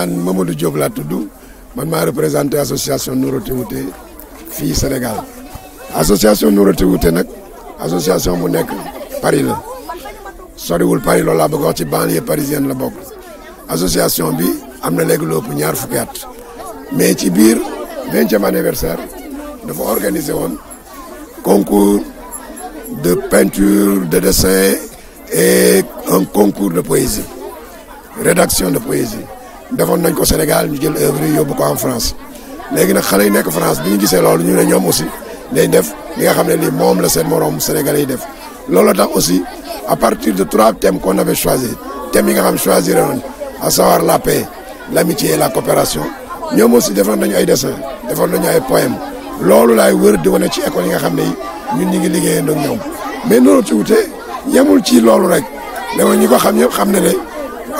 man Mamadou Diop man ma représenté association nourriture Téwouté Sénégal association nourriture Téwouté association bu nek Paris la soriwul Paris loolu la bëgg wax ci banlieue parisienne la bokk association bi amna na léegi ñaar fukkat mais ci biir e anniversaire dafa organiser concours de peinture de dessin et un concours de poésie rédaction de poésie defoon nañ ko Sénégal ñu jël œuvre yi ko en France léegi nag xale yi France bi ñu gisee loolu ñu ne ñoom aussi day def li nga xam ne lii la seen morom sénégalais yi def loolu tax aussi à partir de trois thèmes qu'on avait choisi thèmes yi nga xam choisir nañ à savoir la paix l'amitié et la coopération ñoom aussi defoon nañu ay dessins defoon nañu ay poèmes loolu laay wër di woné ci école yi nga xamné ñun ñi ngi liggéey ak ñom mais nonu ci wuté ñamul ci lolu rek dama ñi ko xam ñep xamné ne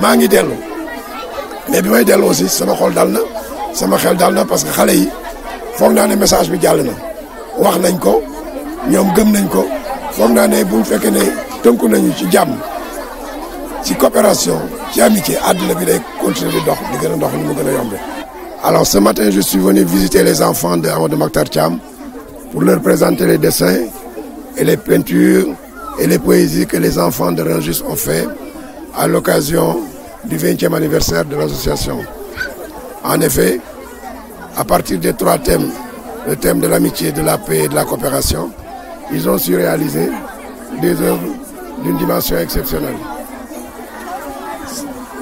mangi delu mais bi may dellu aussi sama xol dalna sama xel dalna parce que xalé yi foog na né message bi jàll wax nañ ko ñom gëm nañ ko foog na né bu fekkee né tënku nañu ci jàmm ci coopération ci amitié àdduna bi day continuer di dox di gëna dox ni mu gëna yombé alors ce matin je suis venu visiter les enfants de Amadou Maktar Cham pour leur présenter les dessins et les peintures et les poésies que les enfants de Rungis ont fait à l'occasion du 20e anniversaire de l'association. En effet, à partir des trois thèmes, le thème de l'amitié, de la paix et de la coopération, ils ont su réaliser des œuvres d'une dimension exceptionnelle.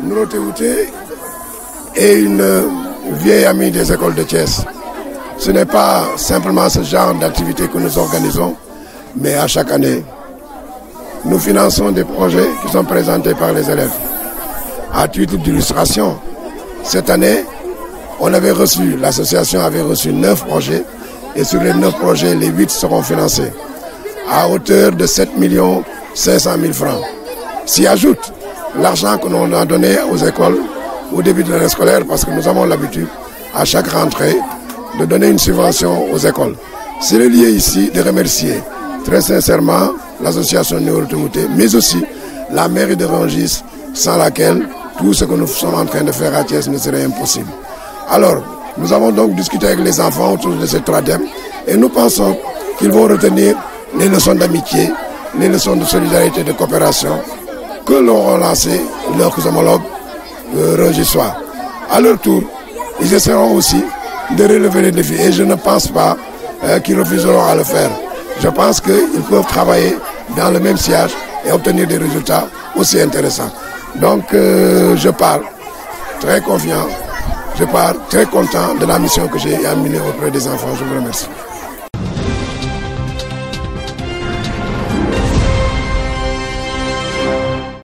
Nouroté est une vieille amie des écoles de Thiès. Ce n'est pas simplement ce genre d'activité que nous organisons, mais à chaque année, nous finançons des projets qui sont présentés par les élèves. À titre d'illustration, cette année, on avait reçu, l'association avait reçu neuf projets et sur les neuf projets, les huit seront financés à hauteur de 7 500 000 francs. S'y ajoute l'argent que l'on a donné aux écoles au début de l'année scolaire parce que nous avons l'habitude à chaque rentrée de donner une subvention aux écoles. C'est le lieu ici de remercier très sincèrement l'association néo mais aussi la mairie de Rangis, sans laquelle tout ce que nous sommes en train de faire à Thiès ne serait impossible. Alors, nous avons donc discuté avec les enfants autour de ces trois thèmes et nous pensons qu'ils vont retenir les leçons d'amitié, les leçons de solidarité et de coopération que l'ont relancé leurs homologues euh, Rangissois. À leur tour, ils essaieront aussi de relever les défis et je ne pense pas euh, qu'ils refuseront à le faire je pense qu'ils peuvent travailler dans le même siège et obtenir des résultats aussi intéressants. Donc euh, je parle très confiant, je parle très content de la mission que j'ai amenée auprès des enfants. Je vous remercie.